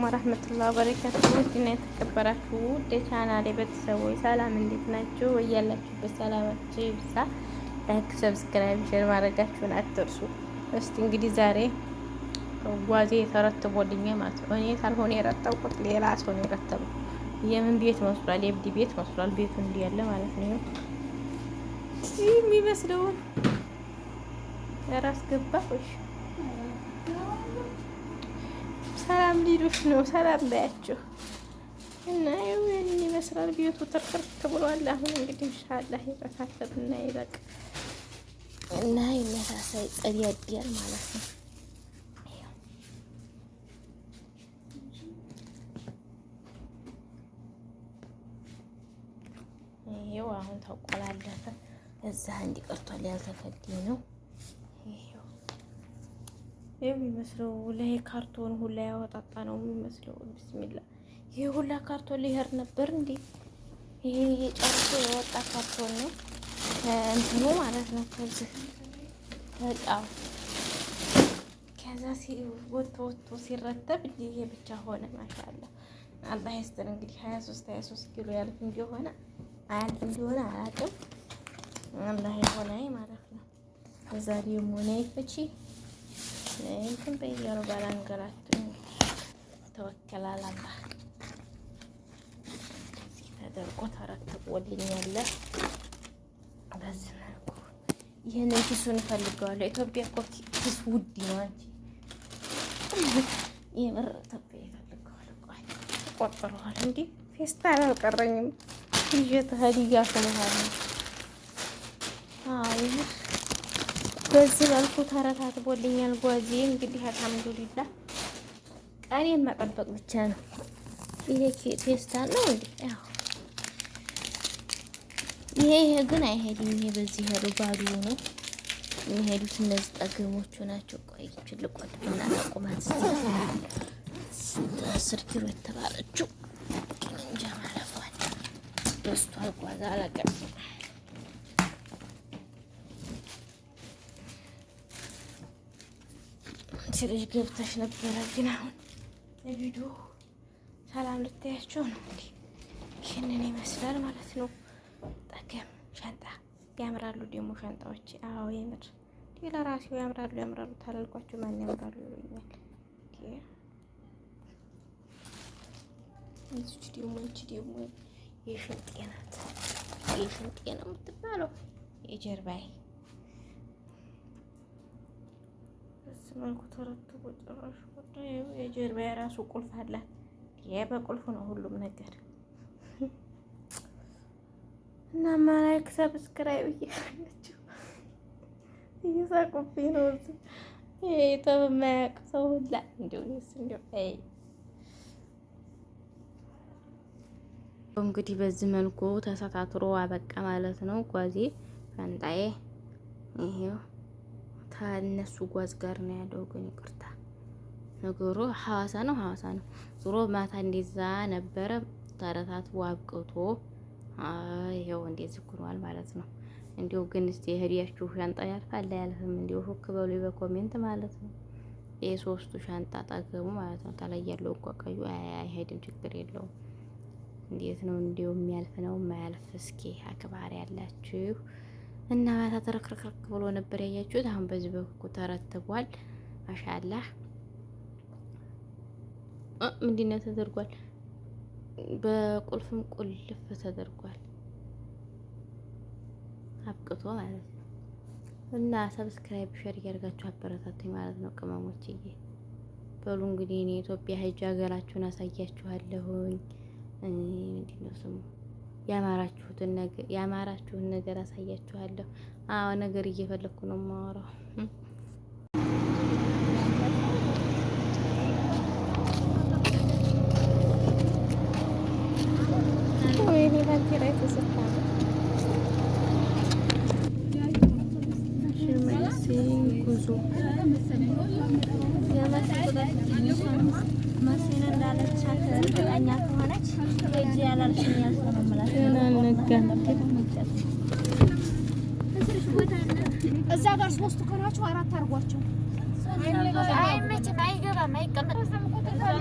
ወራህመቱላ በረካቱ ውድና የተከበራችሁ ውድ የቻናሌ ቤተሰቦች ሰላም፣ እንዴት ናችሁ? እያላችሁበት ሰላማችሁ ይብዛ። ላይክ፣ ሰብስክራይብ፣ ሼር ማድረጋችሁን አትርሱ። እስቲ እንግዲህ ዛሬ ጓዜ የተረትቦልኛል ማለት ነው። እኔ ሳልሆን የረጠብኩት ሌላ ሰው ነው የረተበው። የምን ቤት መስሏል? የእብድ ቤት መስሏል። ቤቱ እንዲህ ያለ ማለት ነው የሚመስለውን ራስ ገባ ሰላም ሊሉሽ ነው። ሰላም ባያችሁ እና ይኸው ይህንን ይመስላል ቤቱ ትርፍርፍ ብሏል። አሁን እንግዲህ ኢንሻላህ ይረካከብና ይበቅ እና ይመሳሳይ ጸያዲያል ማለት ነው። ይኸው አሁን ተቆላለፈ። እዛ አንድ ቀርቷል ያልተፈዲ ነው። የሚመስለው ላይ ካርቶን ሁላ ያወጣጣ ነው የሚመስለው። ብስሚላ ይሄ ሁላ ካርቶን ሊሄድ ነበር እንዴ? ይሄ የጨርሶ የወጣ ካርቶን ነው እንትኑ ማለት ነው። ከዚህ በጣም ከዛ ወጥቶ ወጥቶ ሲረተብ እንዲ ይሄ ብቻ ሆነ። ማሻላ አላህ ይስጥር። እንግዲህ ሀያ ሶስት ሀያ ሶስት ኪሎ ያልፍ እንዲሆነ አያልፍ እንዲሆነ አያውቅም። አላህ የሆነ ማለት ነው። እዛ ደግሞ ነይፈቺ እንትን በየሩ ባላንገራቱ ተወከላል አላህ ተደርጎ ተረክቦልኛለህ። በዚህ መልኩ ይህንን ኪሱን እፈልገዋለሁ። ኢትዮጵያ እኮ ኪስ ውድ ነው። አንቺ የምር ኢትዮጵያ ይፈልገዋል። ቆይ ቆጥረዋል። እንዲህ አልቀረኝም። ይዤ ተህድያ ስለሆነ ይህ በዚህ መልኩ ተረታትቦልኛል ጓዚ እንግዲህ አልሐምዱሊላ ቀኔን መጠበቅ ብቻ ነው። ይሄ ፌስታል ነው እንዴ? ያው ይሄ ይሄ ግን አይሄድም። ይሄ በዚህ ሄዶ ባዶ ነው የሚሄዱት። እነዚህ ጠገሞቹ ናቸው። ቆይ ትልቆት እና ቁማት አስር ኪሎ የተባለችው እንጃ ማለፏል። በስቷል ጓዛ አላቀ ታክሲ ልጅ ገብተሽ ነበረ፣ ግን አሁን ለቪዲዮ ሰላም ልታያቸው ነው። እንግዲህ ይህንን ይመስላል ማለት ነው። ጠገም ሻንጣ ያምራሉ ደግሞ ሻንጣዎች። አዎ የምር ለራሴው ያምራሉ ያምራሉ። ታላልኳቸው ማን ያምራሉ ይሉኛል። እዚች ደግሞ አንቺ ደግሞ የሽንጤ ናት የሽንጤ ነው የምትባለው የጀርባዬ በዚህ መልኩ ተረትቦ ጭራሽ የጀርባ የራሱ ቁልፍ አላት። ያ በቁልፍ ነው ሁሉም ነገር እና ማላይክ ሰብስክራይብ እያለችው እየሳቁብኝ ነው። እዚህ ይተብ የማያውቅ ሰው ሁላ እንዲሁ ስ እንዲሁ እንግዲህ በዚህ መልኩ ተሰታትሮ አበቃ ማለት ነው። ጓዜ ፈንጣዬ ይሄው ከነሱ ጓዝ ጋር ነው ያለው። ግን ይቅርታ ነገሩ ሐዋሳ ነው ሐዋሳ ነው። ዞሮ ማታ እንደዛ ነበረ ተረታቱ አብቅቶ ይኸው እንደዚህ ሆኗል ማለት ነው። እንዲሁ ግን እስቲ የህዲያችሁ ሻንጣ ያልፋል አያልፍም? እንዲሁ ሹክ በሉ በኮሜንት ማለት ነው። የሶስቱ ሻንጣ አጠገቡ ማለት ነው። ተለይ ያለው እኮ ቀዩ አይሄድም፣ ችግር የለውም። እንዴት ነው እንዲሁ የሚያልፍ ነው የማያልፍ? እስኪ አክባሪ ያላችሁ እና ማታ ተረክረክረክ ብሎ ነበር ያያችሁት። አሁን በዚህ በኩ ተረትቧል። ማሻላህ ምንድነው ተደርጓል። በቁልፍም ቁልፍ ተደርጓል። አብቅቶ ማለት ነው። እና ሰብስክራይብ ሸር እያደርጋችሁ አበረታቱኝ ማለት ነው ቅመሞች እዬ በሉ እንግዲህ እኔ ኢትዮጵያ ሂጅ ሀገራችሁን አሳያችኋለሁኝ። ምንድነው ስሙ ያማራችሁትን ነገር ያማራችሁን ነገር አሳያችኋለሁ። አዎ ነገር እየፈለኩ ነው የማወራው። ጉዞ ስላልቻት እርግጠኛ እዛ ጋር ሶስት ከሆናችሁ አራት አድርጓቸው። አይመችም፣ አይገባም፣ አይቀመጥም።